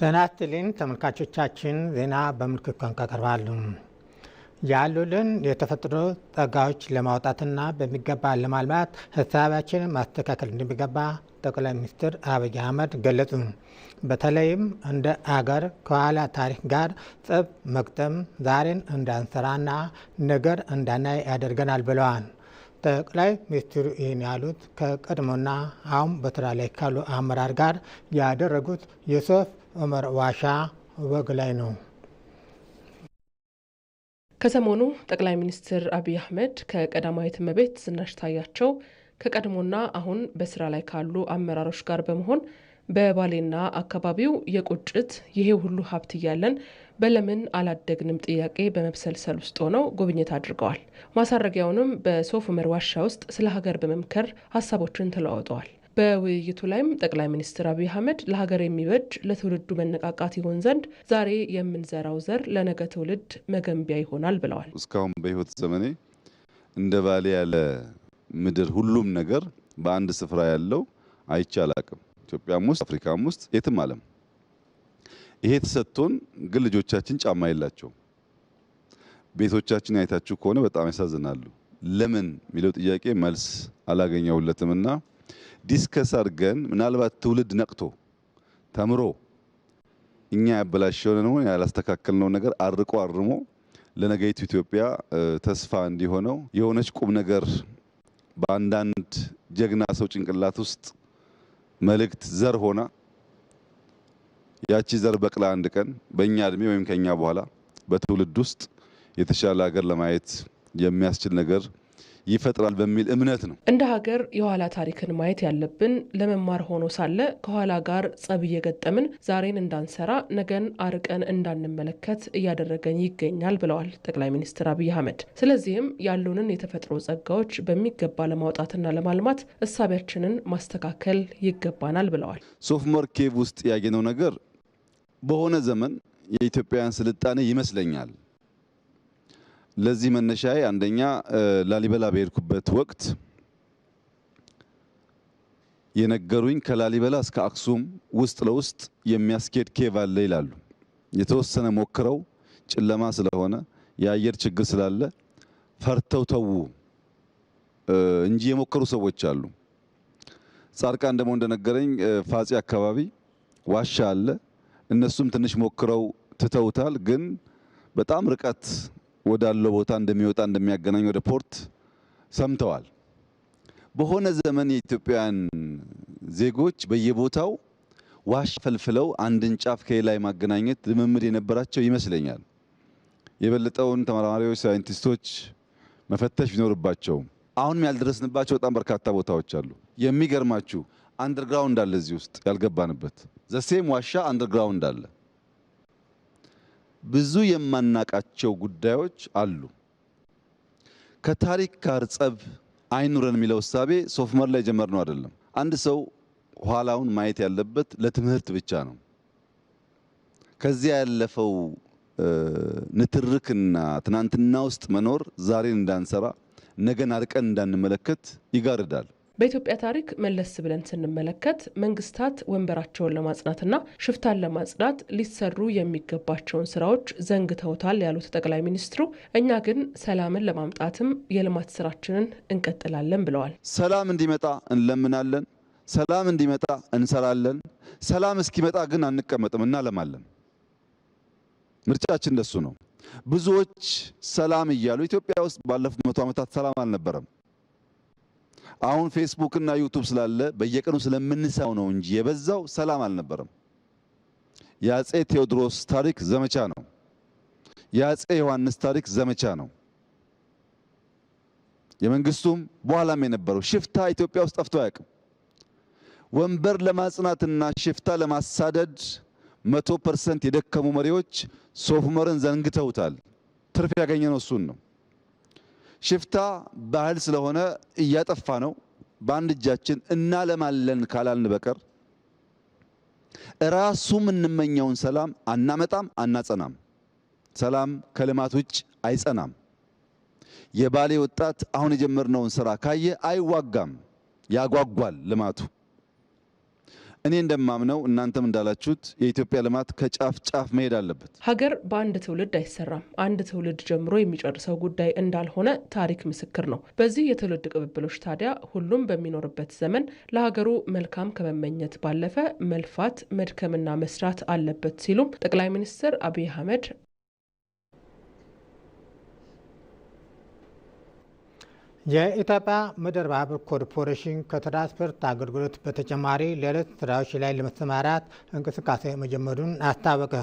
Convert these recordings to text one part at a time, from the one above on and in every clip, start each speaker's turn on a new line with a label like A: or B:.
A: ጤናስትልን ተመልካቾቻችን፣ ዜና በምልክት ቋንቋ ቀርባሉ። ያሉልን የተፈጥሮ ጸጋዎች ለማውጣትና በሚገባ ለማልማት ሀሳባችንን ማስተካከል እንደሚገባ ጠቅላይ ሚኒስትር አብይ አህመድ ገለጹ። በተለይም እንደ አገር ከኋላ ታሪክ ጋር ጸብ መግጠም ዛሬን እንዳንሰራና ነገር እንዳናይ ያደርገናል ብለዋል። ጠቅላይ ሚኒስትሩ ይህን ያሉት ከቀድሞና አሁን በስራ ላይ ካሉ አመራር ጋር ያደረጉት የሶፍ ዋሻ ወግ ላይ ነው።
B: ከሰሞኑ ጠቅላይ ሚኒስትር አብይ አህመድ ከቀዳማዊት እመቤት ዝናሽ ታያቸው ከቀድሞና አሁን በስራ ላይ ካሉ አመራሮች ጋር በመሆን በባሌና አካባቢው የቁጭት ይሄ ሁሉ ሀብት እያለን በለምን አላደግንም ጥያቄ በመብሰልሰል ውስጥ ሆነው ጉብኝት አድርገዋል። ማሳረጊያውንም በሶፍ ዑመር ዋሻ ውስጥ ስለ ሀገር በመምከር ሀሳቦችን ተለዋውጠዋል። በውይይቱ ላይም ጠቅላይ ሚኒስትር አብይ አህመድ ለሀገር የሚበጅ ለትውልዱ መነቃቃት ይሆን ዘንድ ዛሬ የምንዘራው ዘር ለነገ ትውልድ መገንቢያ ይሆናል ብለዋል።
C: እስካሁን በህይወት ዘመኔ እንደ ባሌ ያለ ምድር ሁሉም ነገር በአንድ ስፍራ ያለው አይቻላቅም ኢትዮጵያም ውስጥ አፍሪካም ውስጥ የትም ዓለም ይሄ ተሰጥቶን ግን ልጆቻችን ጫማ የላቸው። ቤቶቻችን አይታችሁ ከሆነ በጣም ያሳዝናሉ። ለምን የሚለው ጥያቄ መልስ አላገኘሁለትምና ዲስከስ አድርገን ምናልባት ትውልድ ነቅቶ ተምሮ እኛ ያበላሸውን ነው ያላስተካከልነው ነገር አርቆ አርሞ ለነገይቱ ኢትዮጵያ ተስፋ እንዲሆነው የሆነች ቁም ነገር በአንዳንድ ጀግና ሰው ጭንቅላት ውስጥ መልእክት ዘር ሆና ያቺ ዘር በቅላ አንድ ቀን በእኛ እድሜ ወይም ከኛ በኋላ በትውልድ ውስጥ የተሻለ ሀገር ለማየት የሚያስችል ነገር ይፈጥራል በሚል እምነት ነው።
B: እንደ ሀገር የኋላ ታሪክን ማየት ያለብን ለመማር ሆኖ ሳለ ከኋላ ጋር ጸብ እየገጠምን ዛሬን እንዳንሰራ ነገን አርቀን እንዳንመለከት እያደረገን ይገኛል ብለዋል ጠቅላይ ሚኒስትር አብይ አህመድ። ስለዚህም ያሉንን የተፈጥሮ ጸጋዎች በሚገባ ለማውጣትና ለማልማት እሳቢያችንን ማስተካከል ይገባናል ብለዋል።
C: ሶፍመር መርኬቭ ውስጥ ያገነው ነገር በሆነ ዘመን የኢትዮጵያውያን ስልጣኔ ይመስለኛል ለዚህ መነሻዬ አንደኛ ላሊበላ በሄድኩበት ወቅት የነገሩኝ ከላሊበላ እስከ አክሱም ውስጥ ለውስጥ የሚያስኬድ ኬቭ አለ ይላሉ። የተወሰነ ሞክረው ጨለማ ስለሆነ የአየር ችግር ስላለ ፈርተው ተዉ እንጂ የሞከሩ ሰዎች አሉ። ጻድቃን ደግሞ እንደነገረኝ ፋጺ አካባቢ ዋሻ አለ። እነሱም ትንሽ ሞክረው ትተውታል። ግን በጣም ርቀት ወዳለው ቦታ እንደሚወጣ እንደሚያገናኝ ወደ ፖርት ሰምተዋል። በሆነ ዘመን የኢትዮጵያውያን ዜጎች በየቦታው ዋሻ ፈልፍለው አንድን ጫፍ ከሌላ የማገናኘት ልምምድ የነበራቸው ይመስለኛል። የበለጠውን ተመራማሪዎች፣ ሳይንቲስቶች መፈተሽ ቢኖርባቸውም አሁንም ያልደረስንባቸው በጣም በርካታ ቦታዎች አሉ። የሚገርማችሁ አንደርግራውንድ አለ እዚህ ውስጥ ያልገባንበት። ዘሴም ዋሻ አንደርግራውንድ አለ። ብዙ የማናቃቸው ጉዳዮች አሉ። ከታሪክ ጋር ጸብ አይኑረን የሚለው እሳቤ ሶፍመር ላይ ነው አይደለም። አንድ ሰው ኋላውን ማየት ያለበት ለትምህርት ብቻ ነው። ከዚያ ያለፈው ንትርክና ትናንትና ውስጥ መኖር ዛሬን እንዳንሰራ፣ ነገን አርቀን እንዳንመለከት ይጋርዳል።
B: በኢትዮጵያ ታሪክ መለስ ብለን ስንመለከት መንግስታት ወንበራቸውን ለማጽናትና ሽፍታን ለማጽናት ሊሰሩ የሚገባቸውን ስራዎች ዘንግተውታል ያሉት ጠቅላይ ሚኒስትሩ፣ እኛ ግን ሰላምን ለማምጣትም የልማት ስራችንን እንቀጥላለን ብለዋል።
C: ሰላም እንዲመጣ እንለምናለን፣ ሰላም እንዲመጣ እንሰራለን። ሰላም እስኪመጣ ግን አንቀመጥም፣ እናለማለን። ምርጫችን እንደሱ ነው። ብዙዎች ሰላም እያሉ ኢትዮጵያ ውስጥ ባለፉት መቶ ዓመታት ሰላም አልነበረም። አሁን ፌስቡክ እና ዩቱብ ስላለ በየቀኑ ስለምንሳው ነው እንጂ የበዛው ሰላም አልነበረም። የአጼ ቴዎድሮስ ታሪክ ዘመቻ ነው። የአጼ ዮሐንስ ታሪክ ዘመቻ ነው። የመንግስቱም በኋላም የነበረው ሽፍታ ኢትዮጵያ ውስጥ ጠፍቶ አያውቅም። ወንበር ለማጽናትና ሽፍታ ለማሳደድ መቶ ፐርሰንት የደከሙ መሪዎች ሶፍ ዑመርን ዘንግተውታል። ትርፍ ያገኘነው እሱን ነው። ሽፍታ ባህል ስለሆነ እያጠፋ ነው። በአንድ እጃችን እናለማለን ካላልን በቀር እራሱ የምንመኘውን ሰላም አናመጣም፣ አናጸናም። ሰላም ከልማት ውጭ አይጸናም። የባሌ ወጣት አሁን የጀመርነውን ስራ ካየ አይዋጋም፣ ያጓጓል ልማቱ እኔ እንደማምነው እናንተም እንዳላችሁት የኢትዮጵያ ልማት ከጫፍ ጫፍ መሄድ አለበት።
B: ሀገር በአንድ ትውልድ አይሰራም፣ አንድ ትውልድ ጀምሮ የሚጨርሰው ጉዳይ እንዳልሆነ ታሪክ ምስክር ነው። በዚህ የትውልድ ቅብብሎች ታዲያ ሁሉም በሚኖርበት ዘመን ለሀገሩ መልካም ከመመኘት ባለፈ መልፋት መድከምና መስራት አለበት ሲሉም ጠቅላይ ሚኒስትር አብይ አህመድ
A: የኢትዮጵያ ምድር ባቡር ኮርፖሬሽን ከትራንስፖርት አገልግሎት በተጨማሪ ሌሎች ስራዎች ላይ ለመሰማራት እንቅስቃሴ መጀመሩን አስታወቀ።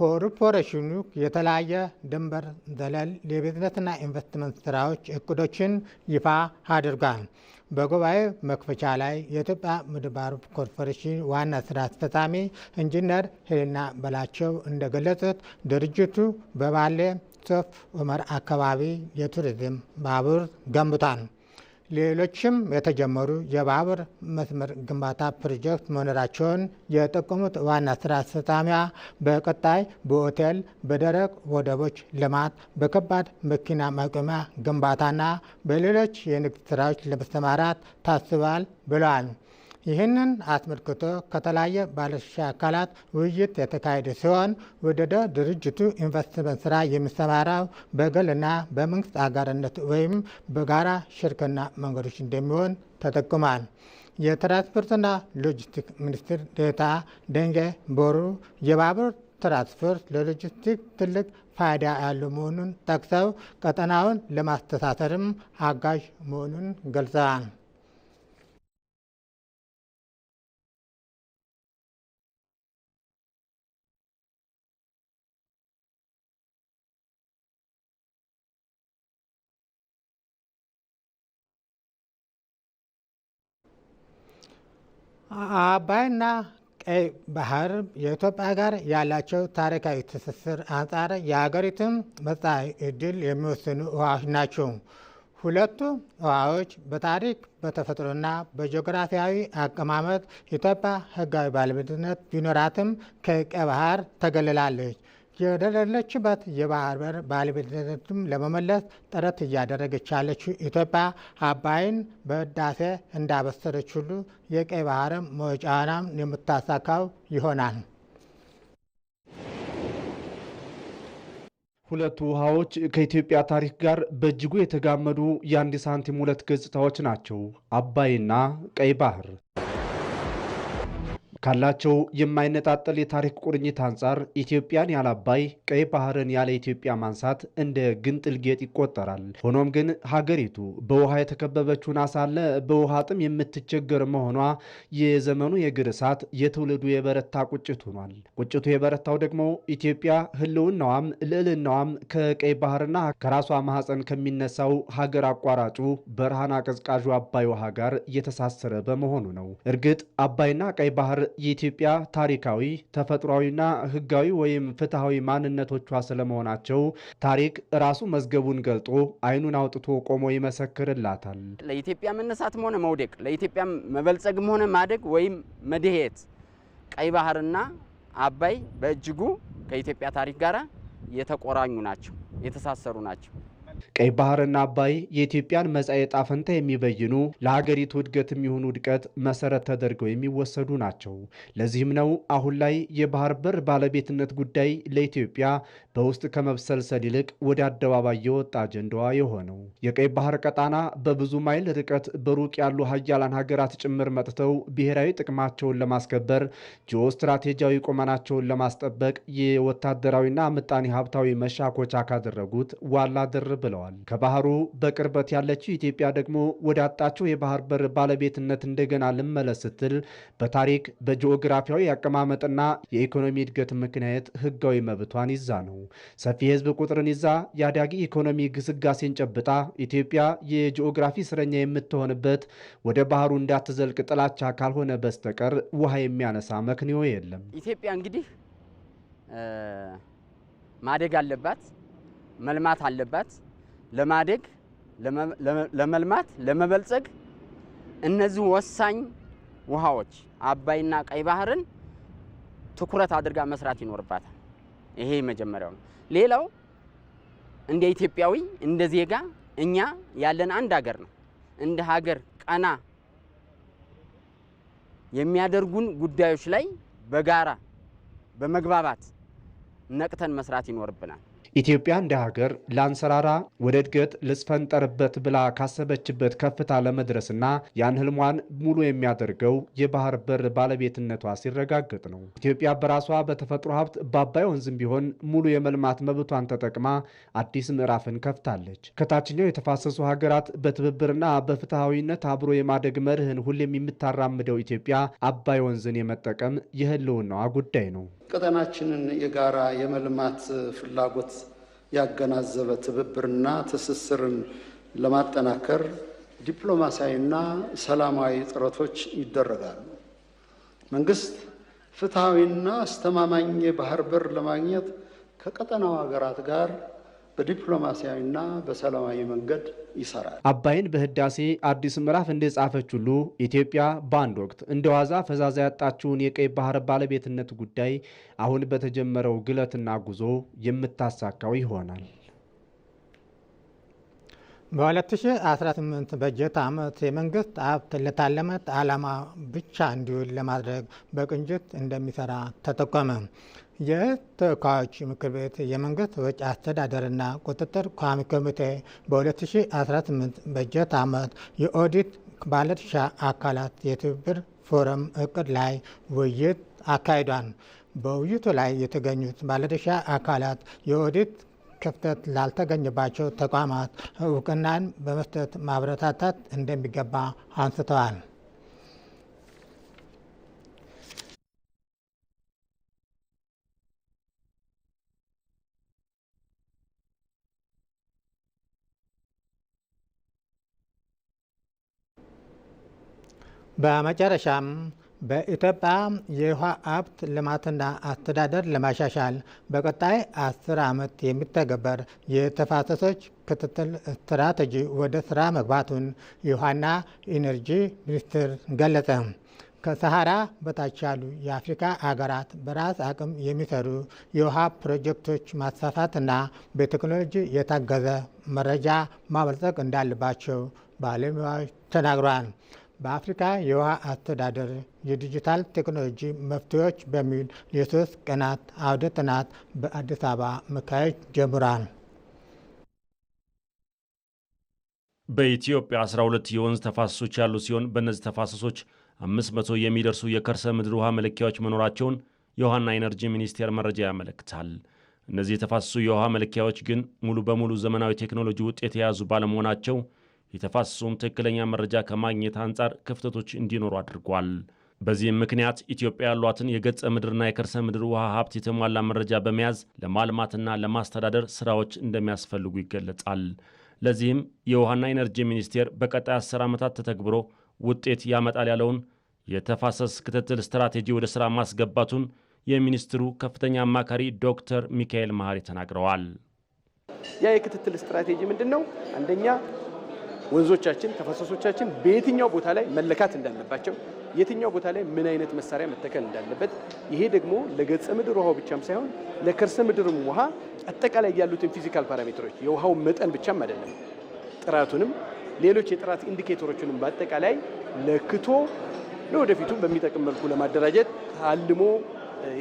A: ኮርፖሬሽኑ የተለያየ ድንበር ዘለል የቢዝነስና ኢንቨስትመንት ስራዎች እቅዶችን ይፋ አድርጓል። በጉባኤ መክፈቻ ላይ የኢትዮጵያ ምድር ባቡር ኮርፖሬሽን ዋና ስራ አስፈጻሚ ኢንጂነር ሄልና በላቸው እንደገለጹት ድርጅቱ በባሌ ዩሱፍ ዑመር አካባቢ የቱሪዝም ባቡር ገንብቷል። ሌሎችም የተጀመሩ የባቡር መስመር ግንባታ ፕሮጀክት መኖራቸውን የጠቆሙት ዋና ስራ አስፈጻሚዋ በቀጣይ በሆቴል፣ በደረቅ ወደቦች ልማት፣ በከባድ መኪና ማቆሚያ ግንባታና በሌሎች የንግድ ስራዎች ለመሰማራት ታስባል ብለዋል። ይህንን አስመልክቶ ከተለያየ ባለድርሻ አካላት ውይይት የተካሄደ ሲሆን ወደ ድርጅቱ ኢንቨስትመንት ስራ የሚሰማራው በግልና በመንግስት አጋርነት ወይም በጋራ ሽርክና መንገዶች እንደሚሆን ተጠቅሟል። የትራንስፖርትና ሎጂስቲክ ሚኒስትር ዴታ ደንጌ ቦሩ የባቡር ትራንስፖርት ለሎጂስቲክ ትልቅ ፋይዳ ያለው መሆኑን ጠቅሰው ቀጠናውን ለማስተሳሰርም አጋዥ መሆኑን ገልጸዋል።
D: አባይና ቀይ ባህር የኢትዮጵያ ጋር ያላቸው ታሪካዊ ትስስር አንጻር የሀገሪቱን መጻኢ ዕድል የሚወስኑ ውሃዎች ናቸው። ሁለቱ ውሃዎች በታሪክ በተፈጥሮና በጂኦግራፊያዊ አቀማመጥ ኢትዮጵያ ሕጋዊ ባለቤትነት ቢኖራትም ከቀይ ባህር ተገልላለች። የደለለችበት የባህር በር ባለቤትነትም ለመመለስ ጥረት እያደረገች ያለችው ኢትዮጵያ አባይን በህዳሴ እንዳበሰረች ሁሉ የቀይ ባህርም መውጫዋንም የምታሳካው ይሆናል።
E: ሁለቱ ውሃዎች ከኢትዮጵያ ታሪክ ጋር በእጅጉ የተጋመዱ የአንድ ሳንቲም ሁለት ገጽታዎች ናቸው፣ አባይና ቀይ ባህር። ካላቸው የማይነጣጠል የታሪክ ቁርኝት አንጻር ኢትዮጵያን ያለ አባይ፣ ቀይ ባህርን ያለ ኢትዮጵያ ማንሳት እንደ ግንጥል ጌጥ ይቆጠራል። ሆኖም ግን ሀገሪቱ በውሃ የተከበበችውን አሳለ በውሃ ጥም የምትቸገር መሆኗ የዘመኑ የእግር እሳት የትውልዱ የበረታ ቁጭት ሆኗል። ቁጭቱ የበረታው ደግሞ ኢትዮጵያ ህልውናዋም ልዕልናዋም ከቀይ ባህርና ከራሷ ማህፀን ከሚነሳው ሀገር አቋራጩ በረሃን አቀዝቃዡ አባይ ውሃ ጋር እየተሳሰረ በመሆኑ ነው። እርግጥ አባይና ቀይ ባህር የኢትዮጵያ ታሪካዊ ተፈጥሯዊና ህጋዊ ወይም ፍትሐዊ ማንነቶቿ ስለመሆናቸው ታሪክ ራሱ መዝገቡን ገልጦ አይኑን አውጥቶ ቆሞ ይመሰክርላታል።
F: ለኢትዮጵያ መነሳትም ሆነ መውደቅ፣ ለኢትዮጵያ መበልጸግም ሆነ ማደግ ወይም መድሄት ቀይ ባህርና አባይ በእጅጉ ከኢትዮጵያ ታሪክ ጋር የተቆራኙ ናቸው፣ የተሳሰሩ ናቸው።
E: ቀይ ባህርና አባይ የኢትዮጵያን መጻኤ ዕጣ ፈንታ የሚበይኑ ለሀገሪቱ እድገት የሚሆኑ ውድቀት መሰረት ተደርገው የሚወሰዱ ናቸው። ለዚህም ነው አሁን ላይ የባህር በር ባለቤትነት ጉዳይ ለኢትዮጵያ በውስጥ ከመብሰልሰል ይልቅ ወደ አደባባይ የወጣ አጀንዳዋ የሆነው የቀይ ባህር ቀጣና በብዙ ማይል ርቀት በሩቅ ያሉ ሀያላን ሀገራት ጭምር መጥተው ብሔራዊ ጥቅማቸውን ለማስከበር ጂኦ ስትራቴጂያዊ ቁመናቸውን ለማስጠበቅ የወታደራዊና ምጣኔ ሀብታዊ መሻኮቻ ካደረጉት ዋላ ድር ብለዋል። ከባህሩ በቅርበት ያለችው ኢትዮጵያ ደግሞ አጣቸው የባህር በር ባለቤትነት እንደገና ልመለስ ስትል በታሪክ በጂኦግራፊያዊ አቀማመጥና የኢኮኖሚ እድገት ምክንያት ሕጋዊ መብቷን ይዛ ነው። ሰፊ የህዝብ ቁጥርን ይዛ የአዳጊ ኢኮኖሚ ግስጋሴን ጨብጣ ኢትዮጵያ የጂኦግራፊ እስረኛ የምትሆንበት ወደ ባህሩ እንዳትዘልቅ ጥላቻ ካልሆነ በስተቀር ውሃ የሚያነሳ መክንዮ የለም።
F: ኢትዮጵያ እንግዲህ ማደግ አለባት፣ መልማት አለባት። ለማደግ ለመልማት፣ ለመበልጸግ እነዚህ ወሳኝ ውሃዎች አባይና ቀይ ባህርን ትኩረት አድርጋ መስራት ይኖርባታል። ይሄ መጀመሪያው ነው። ሌላው እንደ ኢትዮጵያዊ እንደ ዜጋ እኛ ያለን አንድ ሀገር ነው። እንደ ሀገር ቀና የሚያደርጉን ጉዳዮች ላይ በጋራ በመግባባት ነቅተን መስራት ይኖርብናል።
E: ኢትዮጵያ እንደ ሀገር ለአንሰራራ ወደ እድገት ልስፈንጠርበት ብላ ካሰበችበት ከፍታ ለመድረስና ያን ህልሟን ሙሉ የሚያደርገው የባህር በር ባለቤትነቷ ሲረጋገጥ ነው። ኢትዮጵያ በራሷ በተፈጥሮ ሀብት በአባይ ወንዝም ቢሆን ሙሉ የመልማት መብቷን ተጠቅማ አዲስ ምዕራፍን ከፍታለች። ከታችኛው የተፋሰሱ ሀገራት በትብብርና በፍትሐዊነት አብሮ የማደግ መርህን ሁሌም የምታራምደው ኢትዮጵያ አባይ ወንዝን የመጠቀም የህልውናዋ ጉዳይ ነው።
G: ቀጠናችንን የጋራ የመልማት ፍላጎት ያገናዘበ ትብብርና ትስስርን ለማጠናከር ዲፕሎማሲያዊና ሰላማዊ ጥረቶች ይደረጋሉ። መንግስት ፍትሐዊና አስተማማኝ የባህር በር ለማግኘት ከቀጠናው ሀገራት ጋር በዲፕሎማሲያዊና በሰላማዊ መንገድ ይሰራል።
E: አባይን በህዳሴ አዲስ ምዕራፍ እንደጻፈች ሁሉ ኢትዮጵያ በአንድ ወቅት እንደ ዋዛ ፈዛዛ ያጣችውን የቀይ ባህር ባለቤትነት ጉዳይ አሁን በተጀመረው ግለትና ጉዞ የምታሳካው ይሆናል።
D: በ2018 በጀት ዓመት የመንግስት ሀብት ለታለመት ዓላማ ብቻ እንዲውል ለማድረግ በቅንጅት እንደሚሰራ ተጠቆመ። የተወካዮች ምክር ቤት የመንግስት ወጪ አስተዳደርና ቁጥጥር ቋሚ ኮሚቴ በ2018 በጀት ዓመት የኦዲት ባለድርሻ አካላት የትብብር ፎረም እቅድ ላይ ውይይት አካሂዷል። በውይይቱ ላይ የተገኙት ባለድርሻ አካላት የኦዲት ክፍተት ላልተገኘባቸው ተቋማት እውቅናን በመስጠት ማበረታታት እንደሚገባ አንስተዋል። በመጨረሻም በኢትዮጵያ የውሃ ሀብት ልማትና አስተዳደር ለማሻሻል በቀጣይ አስር ዓመት የሚተገበር የተፋሰሶች ክትትል ስትራቴጂ ወደ ስራ መግባቱን የውሃና ኢነርጂ ሚኒስቴር ገለጸ። ከሰሃራ በታች ያሉ የአፍሪካ አገራት በራስ አቅም የሚሰሩ የውሃ ፕሮጀክቶች ማስፋፋትና በቴክኖሎጂ የታገዘ መረጃ ማበልጸግ እንዳለባቸው ባለሙያዎች ተናግረዋል። በአፍሪካ የውሃ አስተዳደር የዲጂታል ቴክኖሎጂ መፍትሄዎች በሚል የሶስት ቀናት አውደ ጥናት በአዲስ አበባ መካሄድ ጀምሯል።
E: በኢትዮጵያ 12 የወንዝ ተፋሰሶች ያሉ ሲሆን በእነዚህ ተፋሰሶች 500 የሚደርሱ የከርሰ ምድር ውሃ መለኪያዎች መኖራቸውን የውሃና ኤነርጂ ሚኒስቴር መረጃ ያመለክታል። እነዚህ የተፋሰሱ የውሃ መለኪያዎች ግን ሙሉ በሙሉ ዘመናዊ ቴክኖሎጂ ውጤት የያዙ ባለመሆናቸው የተፋሰሱን ትክክለኛ መረጃ ከማግኘት አንጻር ክፍተቶች እንዲኖሩ አድርጓል። በዚህም ምክንያት ኢትዮጵያ ያሏትን የገጸ ምድርና የከርሰ ምድር ውሃ ሀብት የተሟላ መረጃ በመያዝ ለማልማትና ለማስተዳደር ስራዎች እንደሚያስፈልጉ ይገለጻል። ለዚህም የውሃና ኢነርጂ ሚኒስቴር በቀጣይ አስር ዓመታት ተተግብሮ ውጤት ያመጣል ያለውን የተፋሰስ ክትትል ስትራቴጂ ወደ ሥራ ማስገባቱን የሚኒስትሩ ከፍተኛ አማካሪ ዶክተር ሚካኤል መሐሪ ተናግረዋል።
H: ያ የክትትል ስትራቴጂ ምንድን ነው? አንደኛ ወንዞቻችን፣ ተፈሰሶቻችን በየትኛው ቦታ ላይ መለካት እንዳለባቸው፣ የትኛው ቦታ ላይ ምን አይነት መሳሪያ መተከል እንዳለበት፣ ይሄ ደግሞ ለገጸ ምድር ውሃው ብቻም ሳይሆን ለከርሰ ምድርም ውሃ አጠቃላይ ያሉትን ፊዚካል ፓራሜትሮች የውሃው መጠን ብቻም አይደለም ጥራቱንም ሌሎች የጥራት ኢንዲኬተሮችንም በአጠቃላይ ለክቶ ለወደፊቱ በሚጠቅም መልኩ ለማደራጀት አልሞ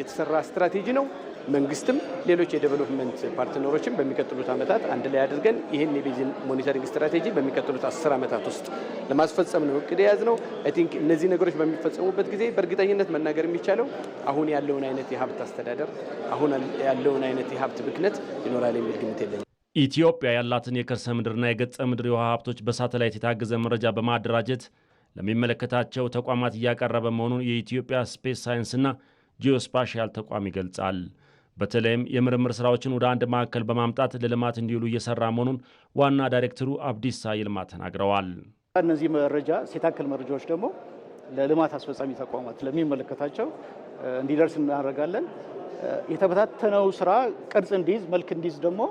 H: የተሰራ ስትራቴጂ ነው። መንግስትም ሌሎች የዴቨሎፕመንት ፓርትነሮችም በሚቀጥሉት ዓመታት አንድ ላይ አድርገን ይህን የቤዚን ሞኒተሪንግ ስትራቴጂ በሚቀጥሉት አስር ዓመታት ውስጥ ለማስፈጸም ነው እቅድ የያዝ ነው። አይ ቲንክ እነዚህ ነገሮች በሚፈጸሙበት ጊዜ በእርግጠኝነት መናገር የሚቻለው አሁን ያለውን አይነት የሀብት አስተዳደር፣ አሁን ያለውን አይነት የሀብት ብክነት ይኖራል የሚል ግምት የለኝም።
E: ኢትዮጵያ ያላትን የከርሰ ምድርና የገጸ ምድር የውሃ ሀብቶች በሳተላይት የታገዘ መረጃ በማደራጀት ለሚመለከታቸው ተቋማት እያቀረበ መሆኑን የኢትዮጵያ ስፔስ ሳይንስና ጂኦስፓሻል ተቋም ይገልጻል። በተለይም የምርምር ስራዎችን ወደ አንድ ማዕከል በማምጣት ለልማት እንዲውሉ እየሰራ መሆኑን ዋና ዳይሬክተሩ አብዲሳ ይልማ ተናግረዋል።
I: እነዚህ መረጃ ሴታክል መረጃዎች ደግሞ ለልማት አስፈጻሚ ተቋማት ለሚመለከታቸው እንዲደርስ እናደርጋለን። የተበታተነው ስራ ቅርጽ እንዲይዝ መልክ እንዲይዝ ደግሞ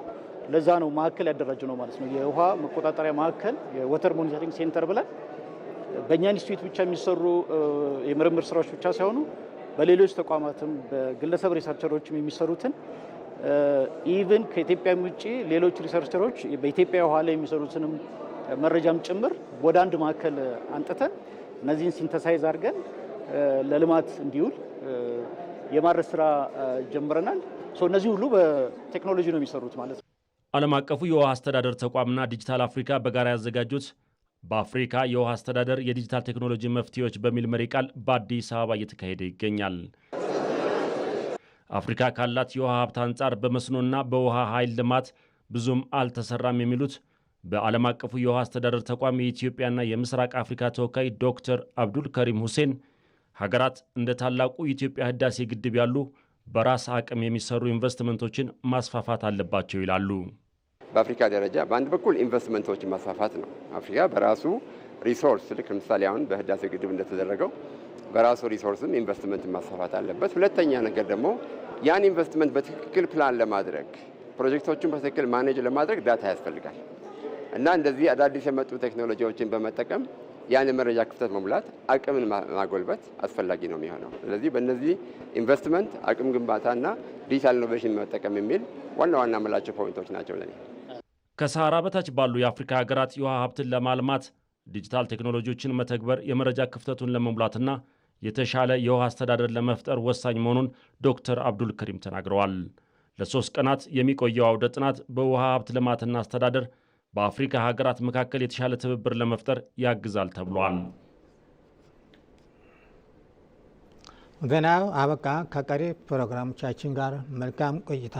I: ለዛ ነው ማዕከል ያደራጀ ነው ማለት ነው። የውሃ መቆጣጠሪያ ማዕከል የወተር ሞኒተሪንግ ሴንተር ብለን በእኛ ኢንስቲትዩት ብቻ የሚሰሩ የምርምር ስራዎች ብቻ ሳይሆኑ በሌሎች ተቋማትም በግለሰብ ሪሰርቸሮችም የሚሰሩትን ኢቭን ከኢትዮጵያም ውጭ ሌሎች ሪሰርቸሮች በኢትዮጵያ ውሃ ላይ የሚሰሩትንም መረጃም ጭምር ወደ አንድ ማዕከል አንጥተን እነዚህን ሲንተሳይዝ አድርገን ለልማት እንዲውል የማድረስ ስራ ጀምረናል። እነዚህ ሁሉ በቴክኖሎጂ ነው የሚሰሩት ማለት ነው።
E: ዓለም አቀፉ የውሃ አስተዳደር ተቋምና ዲጂታል አፍሪካ በጋራ ያዘጋጁት በአፍሪካ የውሃ አስተዳደር የዲጂታል ቴክኖሎጂ መፍትሄዎች በሚል መሪ ቃል በአዲስ አበባ እየተካሄደ ይገኛል። አፍሪካ ካላት የውሃ ሀብት አንጻር በመስኖና በውሃ ኃይል ልማት ብዙም አልተሰራም የሚሉት በዓለም አቀፉ የውሃ አስተዳደር ተቋም የኢትዮጵያና የምስራቅ አፍሪካ ተወካይ ዶክተር አብዱል ከሪም ሁሴን ሀገራት እንደ ታላቁ የኢትዮጵያ ህዳሴ ግድብ ያሉ በራስ አቅም የሚሰሩ ኢንቨስትመንቶችን ማስፋፋት አለባቸው ይላሉ።
J: በአፍሪካ ደረጃ በአንድ በኩል ኢንቨስትመንቶች ማስፋፋት ነው። አፍሪካ በራሱ ሪሶርስ ልክ ለምሳሌ አሁን በህዳሴ ግድብ እንደተደረገው በራሱ ሪሶርስም ኢንቨስትመንት ማስፋፋት አለበት። ሁለተኛ ነገር ደግሞ ያን ኢንቨስትመንት በትክክል ፕላን ለማድረግ ፕሮጀክቶቹን በትክክል ማኔጅ ለማድረግ ዳታ ያስፈልጋል እና እንደዚህ አዳዲስ የመጡ ቴክኖሎጂዎችን በመጠቀም ያን የመረጃ ክፍተት መሙላት፣ አቅምን ማጎልበት አስፈላጊ ነው የሚሆነው። ስለዚህ በእነዚህ ኢንቨስትመንት፣ አቅም ግንባታና ዲጂታል ኢኖቬሽን መጠቀም የሚል ዋና ዋና መላቸው ፖይንቶች ናቸው ለኔ።
E: ከሰሃራ በታች ባሉ የአፍሪካ ሀገራት የውሃ ሀብትን ለማልማት ዲጂታል ቴክኖሎጂዎችን መተግበር የመረጃ ክፍተቱን ለመሙላትና የተሻለ የውሃ አስተዳደር ለመፍጠር ወሳኝ መሆኑን ዶክተር አብዱል ከሪም ተናግረዋል። ለሶስት ቀናት የሚቆየው አውደ ጥናት በውሃ ሀብት ልማትና አስተዳደር በአፍሪካ ሀገራት መካከል የተሻለ ትብብር ለመፍጠር ያግዛል ተብሏል።
A: ዜናው አበቃ። ከቀሪ ፕሮግራሞቻችን ጋር መልካም ቆይታ